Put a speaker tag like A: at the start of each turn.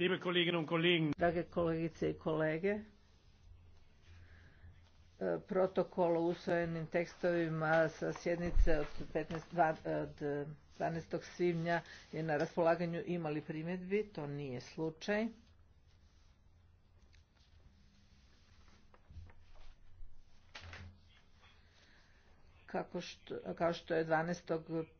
A: Liebe Kolleginnen und Kollegen. Drage kolegice i kolege, e, protokol o usvojenim tekstovima sa sjednice od, 15, e, od 12. svibnja je na raspolaganju imali primjedbi, to nije slučaj. Kako što, kao što je
B: 12.